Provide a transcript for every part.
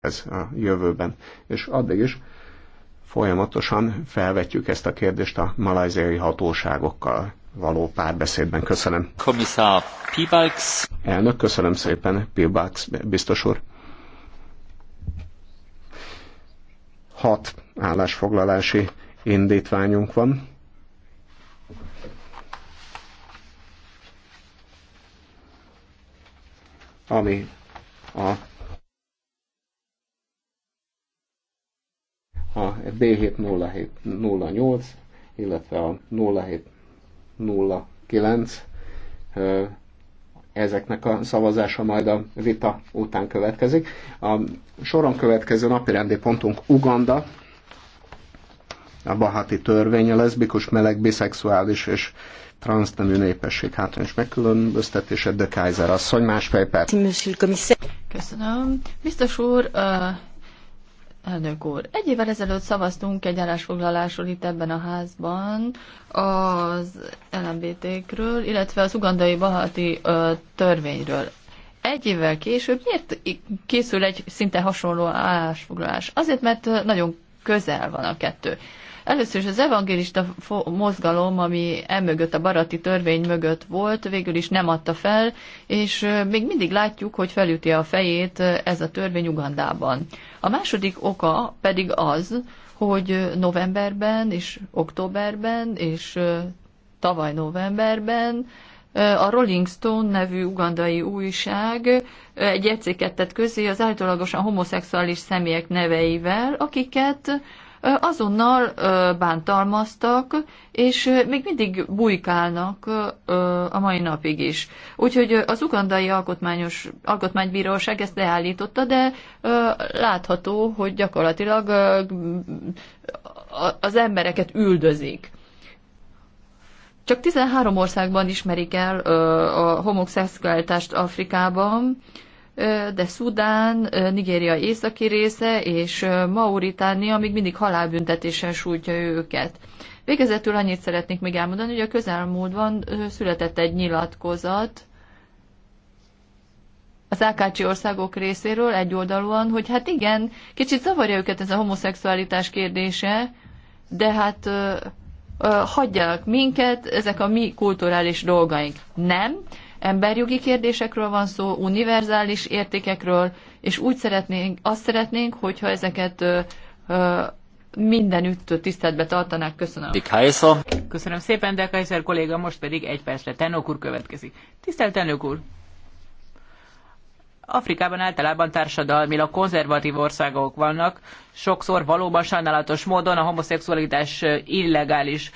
ez a jövőben. És addig is folyamatosan felvetjük ezt a kérdést a malajziai hatóságokkal való párbeszédben. Köszönöm. Komisszár Pibax. Elnök, köszönöm szépen, Pibax biztos úr. Hat állásfoglalási indítványunk van. Ami a a B70708, illetve a 0709 ezeknek a szavazása majd a vita után következik. A soron következő napirendi pontunk Uganda, a Bahati törvény, a leszbikus, meleg, biszexuális és transznemű népesség hátrányos megkülönböztetése, de Kaiser asszony, másfél perc. Köszönöm. Biztos úr, Elnök úr, egy évvel ezelőtt szavaztunk egy állásfoglalásról itt ebben a házban az LMBT-kről, illetve az ugandai bahati ö, törvényről. Egy évvel később miért készül egy szinte hasonló állásfoglalás? Azért, mert nagyon közel van a kettő. Először is az evangélista mozgalom, ami emögött, a barati törvény mögött volt, végül is nem adta fel, és még mindig látjuk, hogy felüti a fejét ez a törvény Ugandában. A második oka pedig az, hogy novemberben és októberben és tavaly novemberben a Rolling Stone nevű ugandai újság egy jegyzéket tett közé az állítólagosan homoszexuális személyek neveivel, akiket azonnal bántalmaztak, és még mindig bujkálnak a mai napig is. Úgyhogy az ugandai alkotmányos, alkotmánybíróság ezt leállította, de látható, hogy gyakorlatilag az embereket üldözik. Csak 13 országban ismerik el a homoszexualitást Afrikában, de Szudán, Nigéria északi része és Mauritánia még mindig halálbüntetéssel sújtja őket. Végezetül annyit szeretnék még elmondani, hogy a közelmúltban született egy nyilatkozat az Ákácsi országok részéről egyoldalúan, hogy hát igen, kicsit zavarja őket ez a homoszexualitás kérdése, de hát ö, ö, hagyjanak minket, ezek a mi kulturális dolgaink. Nem, Emberjogi kérdésekről van szó, univerzális értékekről, és úgy szeretnénk, azt szeretnénk, hogyha ezeket mindenütt tiszteletbe tartanák. Köszönöm. Köszönöm szépen, de Kaiser kolléga, most pedig egy percre Tenok úr következik. Tisztelt Tenok úr! Afrikában általában társadalmilag konzervatív országok vannak, sokszor valóban sajnálatos módon a homoszexualitás illegális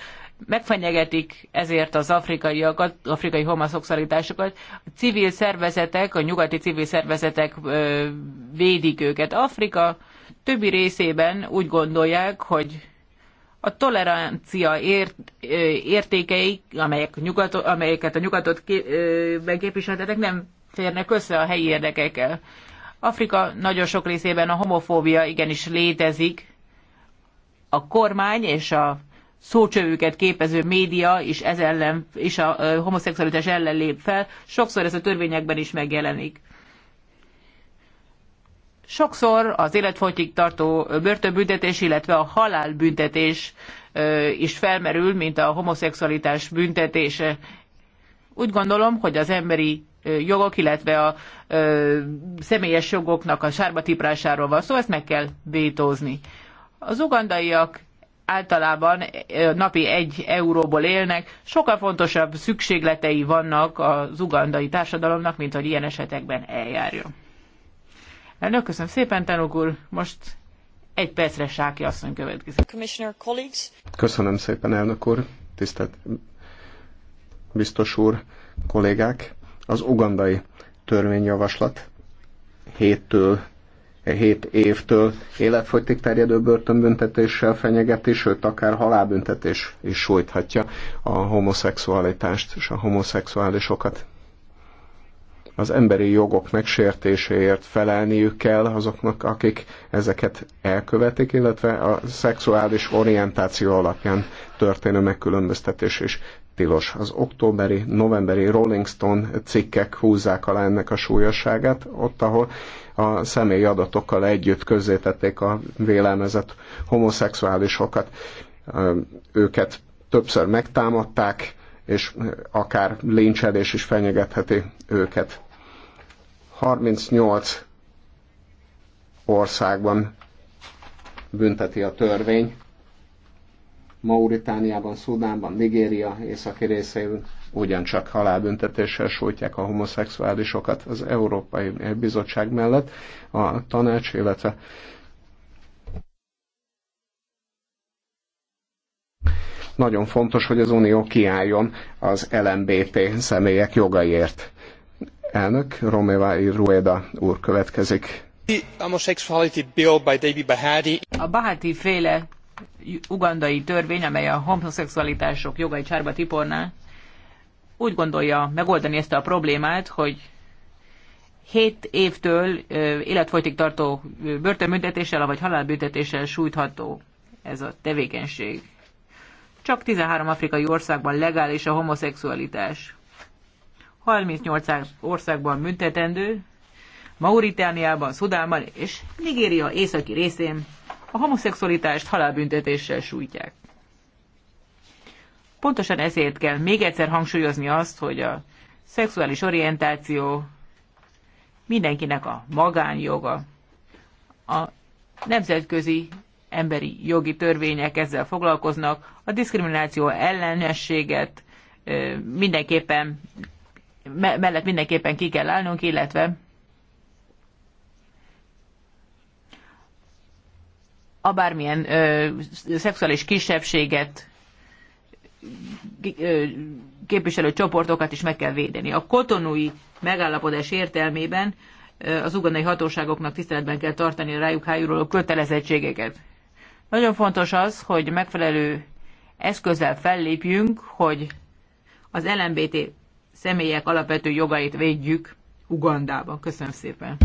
megfenyegetik ezért az afrikaiakat, afrikai homaszokszalitásokat. A civil szervezetek, a nyugati civil szervezetek ö, védik őket. Afrika többi részében úgy gondolják, hogy a tolerancia ért, ö, értékei, amelyek nyugato, amelyeket a nyugatot kép, képviseltetek, nem férnek össze a helyi érdekekkel. Afrika nagyon sok részében a homofóbia igenis létezik. A kormány és a szócsövőket képező média is ez ellen, és a homoszexualitás ellen lép fel. Sokszor ez a törvényekben is megjelenik. Sokszor az életfogytig tartó börtönbüntetés, illetve a halálbüntetés is felmerül, mint a homoszexualitás büntetése. Úgy gondolom, hogy az emberi jogok, illetve a személyes jogoknak a sárba tiprásáról van szó, szóval ezt meg kell vétózni. Az ugandaiak általában napi egy euróból élnek, sokkal fontosabb szükségletei vannak az ugandai társadalomnak, mint hogy ilyen esetekben eljárjon. Elnök, köszönöm szépen, tanúk úr. Most egy percre Sáki asszony következik. Köszönöm szépen, elnök úr. Tisztelt biztos úr, kollégák. Az ugandai törvényjavaslat héttől 7 évtől életfogytig terjedő börtönbüntetéssel fenyegeti, sőt akár halálbüntetés is sújthatja a homoszexualitást és a homoszexuálisokat. Az emberi jogok megsértéséért felelniük kell azoknak, akik ezeket elkövetik, illetve a szexuális orientáció alapján történő megkülönböztetés is tilos. Az októberi, novemberi Rolling Stone cikkek húzzák alá ennek a súlyosságát, ott, ahol a személyi adatokkal együtt közzétették a vélelmezett homoszexuálisokat. Őket többször megtámadták, és akár lincselés is fenyegetheti őket. 38 országban bünteti a törvény. Mauritániában, Szudánban, Nigéria északi részében, ugyancsak halálbüntetéssel sújtják a homoszexuálisokat az Európai Bizottság mellett, a tanács, illetve nagyon fontos, hogy az Unió kiálljon az LMBT személyek jogaiért. Elnök Romeva Rueda úr következik. A Bahati féle ugandai törvény, amely a homoszexualitások jogai csárba tiporná, úgy gondolja megoldani ezt a problémát, hogy 7 évtől életfolytig tartó börtönbüntetéssel, vagy halálbüntetéssel sújtható ez a tevékenység. Csak 13 afrikai országban legális a homoszexualitás. 38 országban büntetendő, Mauritániában, Szudánban és Nigéria északi részén a homoszexualitást halálbüntetéssel sújtják. Pontosan ezért kell még egyszer hangsúlyozni azt, hogy a szexuális orientáció mindenkinek a magánjoga. A nemzetközi emberi jogi törvények ezzel foglalkoznak, a diszkrimináció ellenességet mindenképpen, mellett mindenképpen ki kell állnunk, illetve a bármilyen ö, szexuális kisebbséget képviselő csoportokat is meg kell védeni. A kotonui megállapodás értelmében az ugandai hatóságoknak tiszteletben kell tartani a rájuk hájúról a kötelezettségeket. Nagyon fontos az, hogy megfelelő eszközzel fellépjünk, hogy az LMBT személyek alapvető jogait védjük Ugandában. Köszönöm szépen!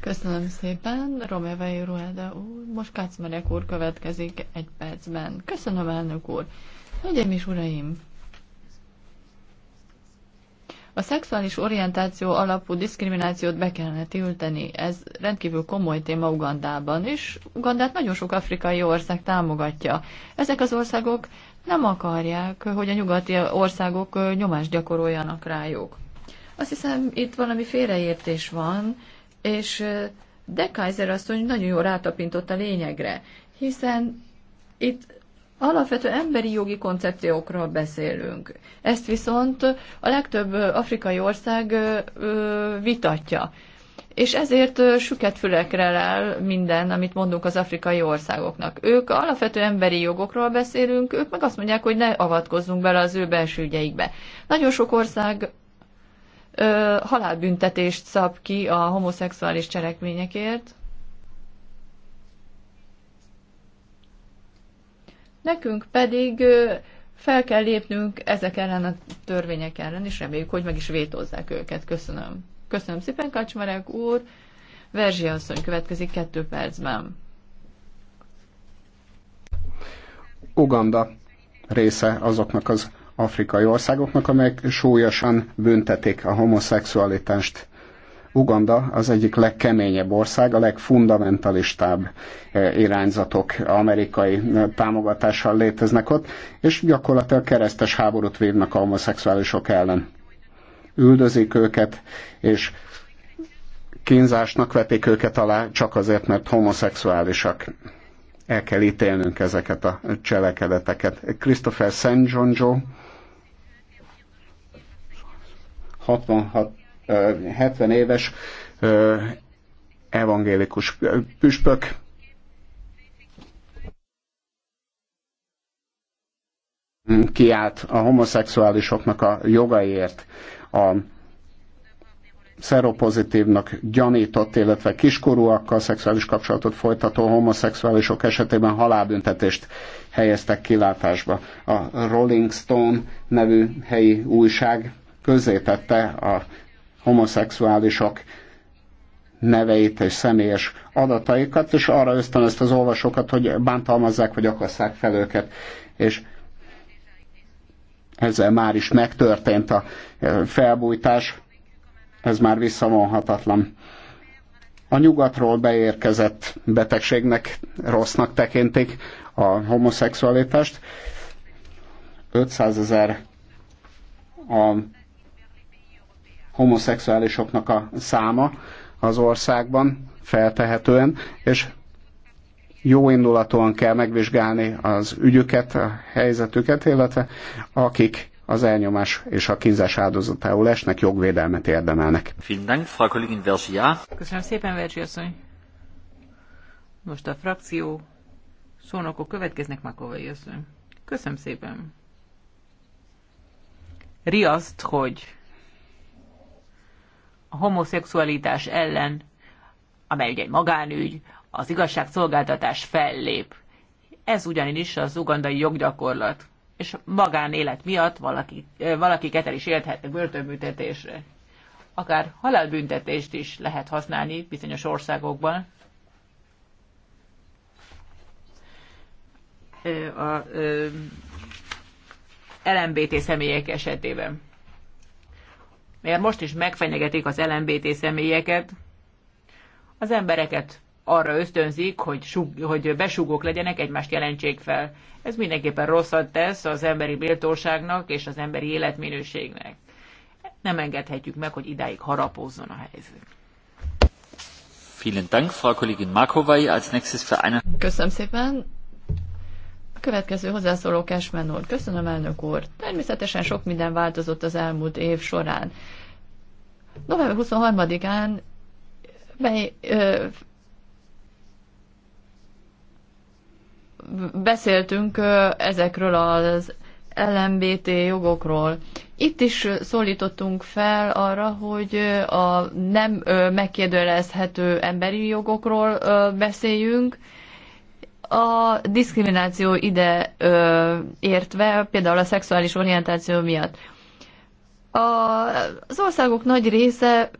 Köszönöm szépen, Romeva Irueda úr. Most Kácmerek úr következik egy percben. Köszönöm, elnök úr. Hölgyeim és uraim! A szexuális orientáció alapú diszkriminációt be kellene tiltani. Ez rendkívül komoly téma Ugandában, és Ugandát nagyon sok afrikai ország támogatja. Ezek az országok nem akarják, hogy a nyugati országok nyomást gyakoroljanak rájuk. Azt hiszem, itt valami félreértés van, és de Kaiser asszony nagyon jól rátapintott a lényegre, hiszen itt alapvető emberi jogi koncepciókról beszélünk. Ezt viszont a legtöbb afrikai ország vitatja. És ezért süket fülekre lel minden, amit mondunk az afrikai országoknak. Ők alapvető emberi jogokról beszélünk, ők meg azt mondják, hogy ne avatkozzunk bele az ő belső ügyeikbe. Nagyon sok ország halálbüntetést szab ki a homoszexuális cselekményekért. Nekünk pedig fel kell lépnünk ezek ellen a törvények ellen, és reméljük, hogy meg is vétózzák őket. Köszönöm. Köszönöm szépen, Kacsmarek úr. Verzsi asszony következik kettő percben. Uganda része azoknak az afrikai országoknak, amelyek súlyosan büntetik a homoszexualitást. Uganda az egyik legkeményebb ország, a legfundamentalistább eh, irányzatok amerikai eh, támogatással léteznek ott, és gyakorlatilag keresztes háborút vívnak a homoszexuálisok ellen. Üldözik őket, és kínzásnak vetik őket alá, csak azért, mert homoszexuálisak. El kell ítélnünk ezeket a cselekedeteket. Christopher St. John Joe 66, 70 éves evangélikus püspök, kiállt a homoszexuálisoknak a jogaiért, a szeropozitívnak gyanított, illetve kiskorúakkal szexuális kapcsolatot folytató homoszexuálisok esetében halálbüntetést helyeztek kilátásba. A Rolling Stone nevű helyi újság közzétette a homoszexuálisok neveit és személyes adataikat, és arra ösztönözte az olvasókat, hogy bántalmazzák vagy akasszák fel őket. És ezzel már is megtörtént a e, felbújtás, ez már visszavonhatatlan. A nyugatról beérkezett betegségnek rossznak tekintik a homoszexualitást. 500 ezer a homoszexuálisoknak a száma az országban feltehetően, és jó indulatúan kell megvizsgálni az ügyüket, a helyzetüket, illetve akik az elnyomás és a kínzás áldozatául esnek, jogvédelmet érdemelnek. Köszönöm szépen, Verzsi asszony. Most a frakció szónokok következnek, Makovai asszony. Köszönöm szépen. Riaszt, hogy homoszexualitás ellen, amely ugye egy magánügy, az igazságszolgáltatás fellép. Ez ugyanis az ugandai joggyakorlat. És magánélet miatt valaki, valaki el is élthetnek börtönbüntetésre. Akár halálbüntetést is lehet használni bizonyos országokban. A, a, a LMBT személyek esetében mert most is megfenyegetik az LMBT személyeket, az embereket arra ösztönzik, hogy, sug, hogy besugók legyenek, egymást jelentsék fel. Ez mindenképpen rosszat tesz az emberi méltóságnak és az emberi életminőségnek. Nem engedhetjük meg, hogy idáig harapózzon a helyzet. Vielen Dank, Frau Kollegin Markowai. Als nächstes für eine... Köszönöm szépen következő hozzászóló Kesmen úr. Köszönöm, elnök úr. Természetesen sok minden változott az elmúlt év során. November 23-án ö, beszéltünk ö, ezekről az LMBT jogokról. Itt is szólítottunk fel arra, hogy a nem megkérdőjelezhető emberi jogokról beszéljünk, a diszkrimináció ide ö, értve, például a szexuális orientáció miatt. A, az országok nagy része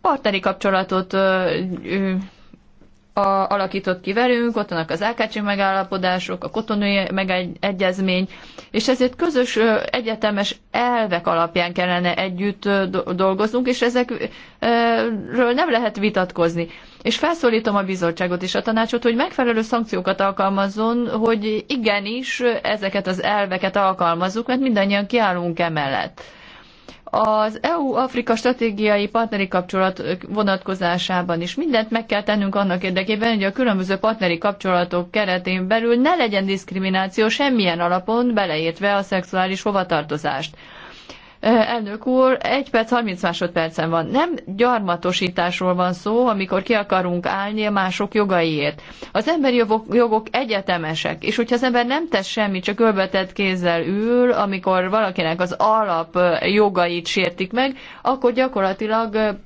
partneri kapcsolatot ö, ö, a, alakított ki velünk, ott vannak az Ákácsi megállapodások, a kotonai megegyezmény, és ezért közös ö, egyetemes elvek alapján kellene együtt ö, dolgoznunk, és ezekről nem lehet vitatkozni. És felszólítom a bizottságot és a tanácsot, hogy megfelelő szankciókat alkalmazzon, hogy igenis ezeket az elveket alkalmazzuk, mert mindannyian kiállunk emellett. Az EU-Afrika stratégiai partneri kapcsolat vonatkozásában is mindent meg kell tennünk annak érdekében, hogy a különböző partneri kapcsolatok keretén belül ne legyen diszkrimináció semmilyen alapon, beleértve a szexuális hovatartozást. Elnök úr, egy perc, 30 másodpercen van. Nem gyarmatosításról van szó, amikor ki akarunk állni a mások jogaiért. Az emberi jogok, jogok egyetemesek, és hogyha az ember nem tesz semmit, csak ölbetett kézzel ül, amikor valakinek az alap jogait sértik meg, akkor gyakorlatilag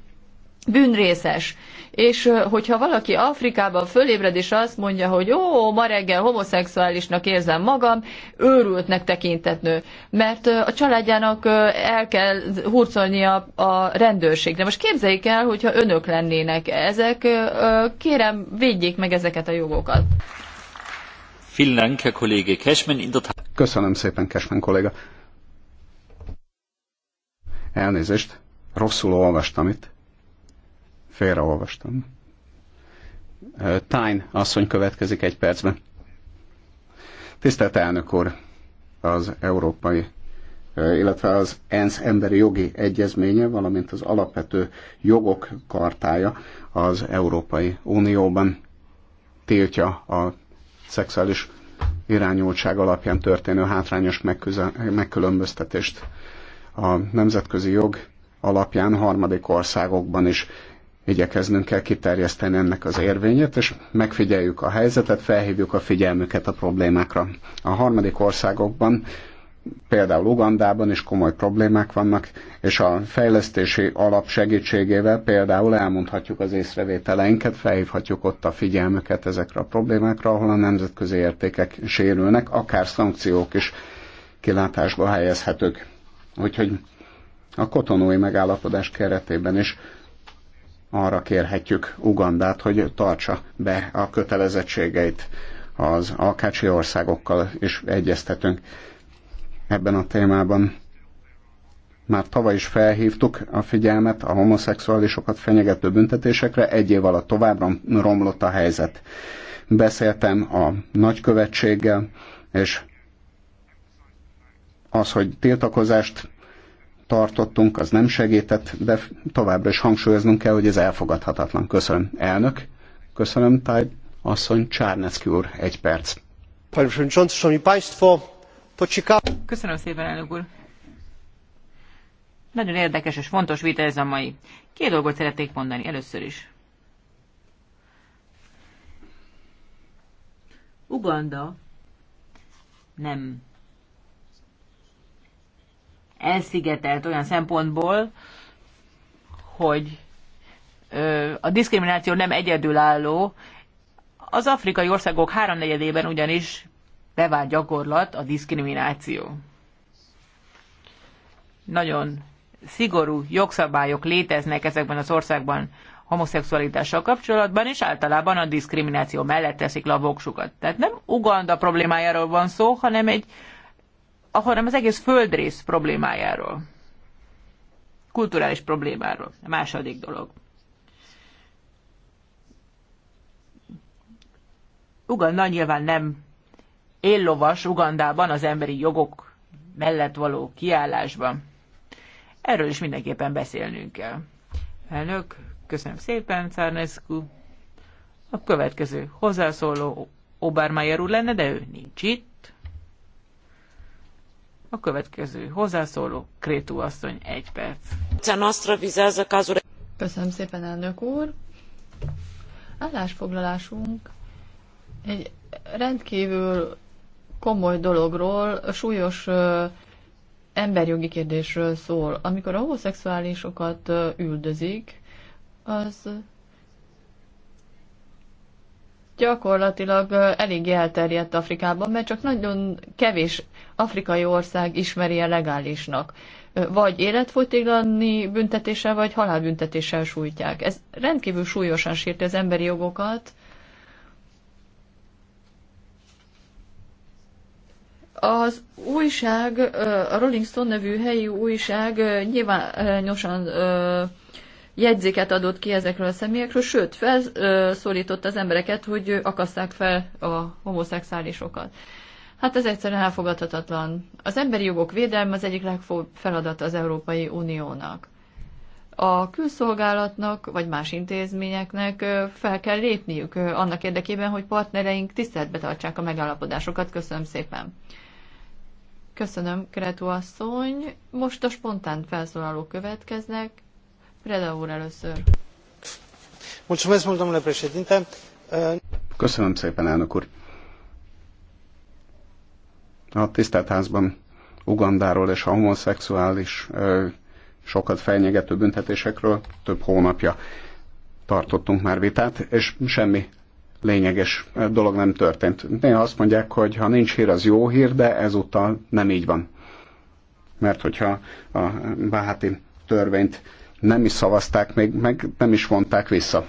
bűnrészes és hogyha valaki Afrikában fölébred és azt mondja, hogy ó, ma reggel homoszexuálisnak érzem magam, őrültnek tekintetnő, mert a családjának el kell hurcolnia a rendőrségre. Most képzeljék el, hogyha önök lennének ezek, kérem, védjék meg ezeket a jogokat. Köszönöm szépen, Kesmen kolléga. Elnézést, rosszul olvastam itt. Félreolvastam. Tyne asszony következik egy percben. Tisztelt elnök úr, az európai illetve az ENSZ emberi jogi egyezménye, valamint az alapvető jogok kartája az Európai Unióban tiltja a szexuális irányultság alapján történő hátrányos megkülönböztetést. A nemzetközi jog alapján harmadik országokban is igyekeznünk kell kiterjeszteni ennek az érvényét, és megfigyeljük a helyzetet, felhívjuk a figyelmüket a problémákra. A harmadik országokban, például Ugandában is komoly problémák vannak, és a fejlesztési alap segítségével például elmondhatjuk az észrevételeinket, felhívhatjuk ott a figyelmüket ezekre a problémákra, ahol a nemzetközi értékek sérülnek, akár szankciók is kilátásba helyezhetők. Úgyhogy a kotonói megállapodás keretében is arra kérhetjük Ugandát, hogy tartsa be a kötelezettségeit az alkácsi országokkal, és egyeztetünk ebben a témában. Már tavaly is felhívtuk a figyelmet a homoszexuálisokat fenyegető büntetésekre, egy év alatt tovább romlott a helyzet. Beszéltem a nagykövetséggel, és az, hogy tiltakozást tartottunk, az nem segített, de továbbra is hangsúlyoznunk kell, hogy ez elfogadhatatlan. Köszönöm, elnök. Köszönöm, Táj asszony Csárneszki úr, egy perc. Köszönöm szépen, elnök úr. Nagyon érdekes és fontos vita ez a mai. Két dolgot szeretnék mondani először is. Uganda nem elszigetelt olyan szempontból, hogy a diszkrimináció nem egyedülálló. Az afrikai országok háromnegyedében ugyanis bevált gyakorlat a diszkrimináció. Nagyon szigorú jogszabályok léteznek ezekben az országban homoszexualitással kapcsolatban, és általában a diszkrimináció mellett teszik le a voksukat. Tehát nem Uganda problémájáról van szó, hanem egy hanem az egész földrész problémájáról. Kulturális problémáról. A második dolog. Uganda nyilván nem éllovas Ugandában az emberi jogok mellett való kiállásban. Erről is mindenképpen beszélnünk kell. Elnök, köszönöm szépen, Czarnescu. A következő hozzászóló Obermeyer úr lenne, de ő nincs itt. A következő hozzászóló, Krétú asszony, egy perc. Köszönöm szépen, elnök úr. Állásfoglalásunk egy rendkívül komoly dologról, súlyos emberjogi kérdésről szól. Amikor a homoszexuálisokat üldözik, az gyakorlatilag elég elterjedt Afrikában, mert csak nagyon kevés afrikai ország ismeri a legálisnak. Vagy életfogytiglani büntetéssel, vagy halálbüntetéssel sújtják. Ez rendkívül súlyosan sírti az emberi jogokat. Az újság, a Rolling Stone nevű helyi újság nyilvánosan jegyzéket adott ki ezekről a személyekről, sőt, felszólított az embereket, hogy akasszák fel a homoszexuálisokat. Hát ez egyszerűen elfogadhatatlan. Az emberi jogok védelme az egyik legfőbb feladat az Európai Uniónak. A külszolgálatnak vagy más intézményeknek fel kell lépniük annak érdekében, hogy partnereink tiszteletbe tartsák a megállapodásokat. Köszönöm szépen. Köszönöm, Kretu asszony. Most a spontán felszólalók következnek. Köszönöm szépen, elnök úr. A tisztelt házban Ugandáról és a homoszexuális sokat fenyegető büntetésekről több hónapja tartottunk már vitát, és semmi lényeges dolog nem történt. Néha azt mondják, hogy ha nincs hír, az jó hír, de ezúttal nem így van. Mert hogyha a Báháti törvényt nem is szavazták még, meg nem is vonták vissza.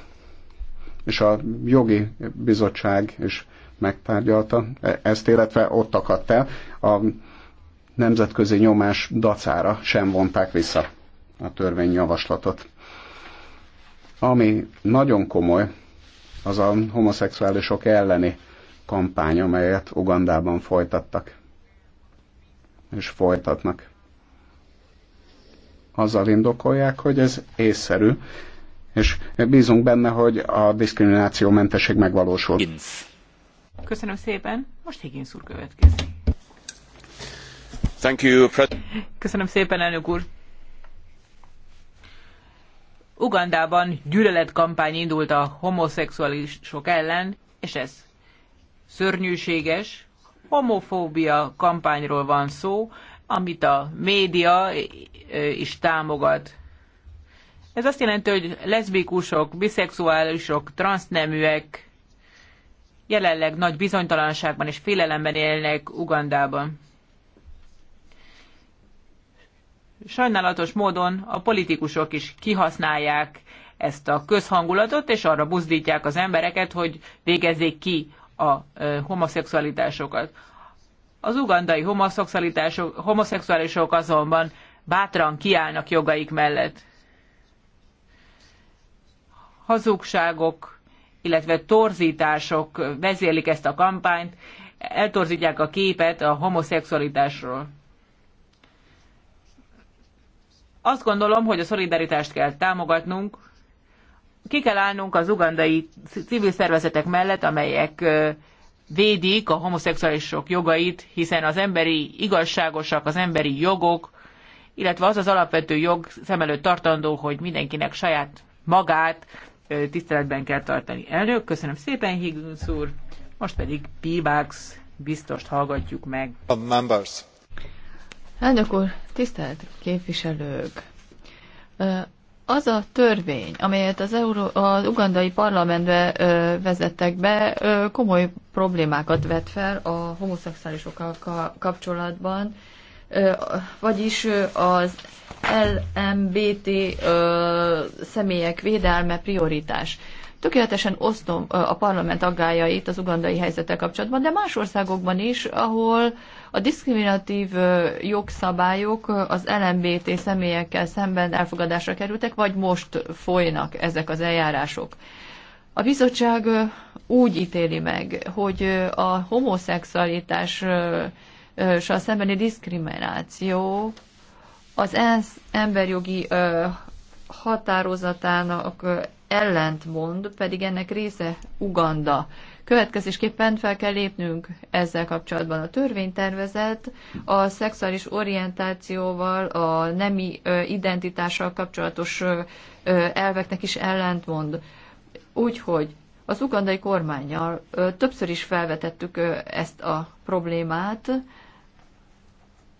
És a jogi bizottság is megtárgyalta ezt, illetve ott akadt el. A nemzetközi nyomás dacára sem vonták vissza a törvényjavaslatot. Ami nagyon komoly, az a homoszexuálisok elleni kampány, amelyet Ugandában folytattak. És folytatnak azzal indokolják, hogy ez észszerű, és bízunk benne, hogy a mentesség megvalósul. Köszönöm szépen. Most Higgins úr következik. Thank you, Köszönöm szépen, elnök úr. Ugandában gyűlöletkampány indult a homoszexualisok ellen, és ez szörnyűséges. Homofóbia kampányról van szó, amit a média eh, is támogat. Ez azt jelenti, hogy leszbikusok, biszexuálisok, transzneműek jelenleg nagy bizonytalanságban és félelemben élnek Ugandában. Sajnálatos módon a politikusok is kihasználják ezt a közhangulatot, és arra buzdítják az embereket, hogy végezzék ki a eh, homoszexualitásokat. Az ugandai homoszexuálisok, azonban bátran kiállnak jogaik mellett. Hazugságok, illetve torzítások vezérlik ezt a kampányt, eltorzítják a képet a homoszexualitásról. Azt gondolom, hogy a szolidaritást kell támogatnunk, ki kell állnunk az ugandai civil szervezetek mellett, amelyek védik a homoszexuálisok jogait, hiszen az emberi igazságosak, az emberi jogok, illetve az az alapvető jog szem előtt tartandó, hogy mindenkinek saját magát tiszteletben kell tartani. Elnök, köszönöm szépen, Higgins úr. Most pedig Pibax biztost hallgatjuk meg. A members. Elnök úr, tisztelt képviselők! az a törvény, amelyet az, Euró- az ugandai parlamentbe ö, vezettek be, ö, komoly problémákat vet fel a homoszexuálisokkal kapcsolatban, ö, vagyis az LMBT ö, személyek védelme prioritás. Ö, Tökéletesen osztom a parlament aggájait az ugandai helyzetek kapcsolatban, de más országokban is, ahol a diszkriminatív jogszabályok az LMBT személyekkel szemben elfogadásra kerültek, vagy most folynak ezek az eljárások. A bizottság úgy ítéli meg, hogy a és a szembeni diszkrimináció az ENSZ emberjogi határozatának ellentmond, pedig ennek része Uganda. Következésképpen fel kell lépnünk ezzel kapcsolatban. A törvénytervezet a szexuális orientációval, a nemi identitással kapcsolatos elveknek is ellentmond. Úgyhogy az ugandai kormányjal többször is felvetettük ezt a problémát,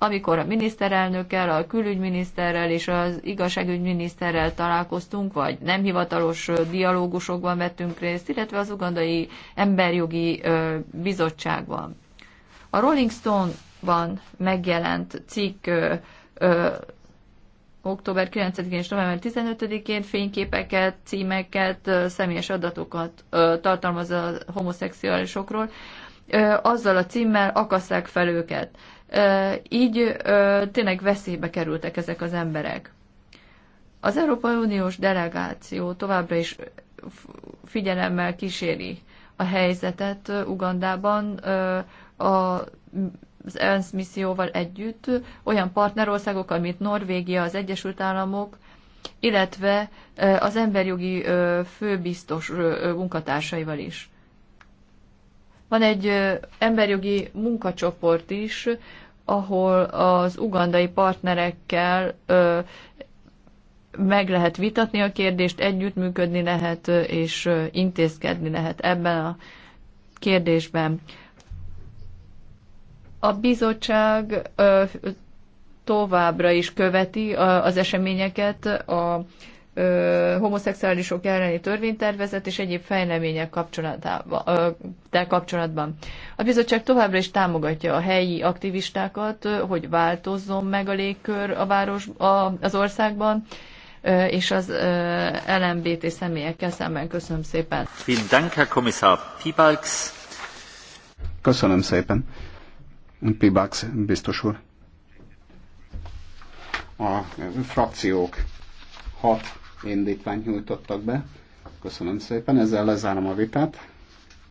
amikor a miniszterelnökkel, a külügyminiszterrel és az igazságügyminiszterrel találkoztunk, vagy nem hivatalos dialógusokban vettünk részt, illetve az ugandai emberjogi bizottságban. A Rolling Stone-ban megjelent cikk ö, ö, október 9-én és november 15-én fényképeket, címeket, személyes adatokat ö, tartalmaz a homoszexuálisokról, ö, azzal a címmel akasszák fel őket így tényleg veszélybe kerültek ezek az emberek. Az Európai Uniós delegáció továbbra is figyelemmel kíséri a helyzetet Ugandában az ENSZ misszióval együtt, olyan partnerországokkal, mint Norvégia, az Egyesült Államok, illetve az emberjogi főbiztos munkatársaival is. Van egy emberjogi munkacsoport is, ahol az ugandai partnerekkel ö, meg lehet vitatni a kérdést, együttműködni lehet és intézkedni lehet ebben a kérdésben. A bizottság ö, továbbra is követi az eseményeket a ö, homoszexuálisok elleni törvénytervezet és egyéb fejlemények kapcsolatában, kapcsolatban. A bizottság továbbra is támogatja a helyi aktivistákat, hogy változzon meg a légkör a város, a, az országban, ö, és az ö, LMBT személyekkel szemben. Köszönöm szépen. Köszönöm szépen. Pibax biztos úr. A frakciók hat indítványt nyújtottak be. Köszönöm szépen, ezzel lezárom a vitát.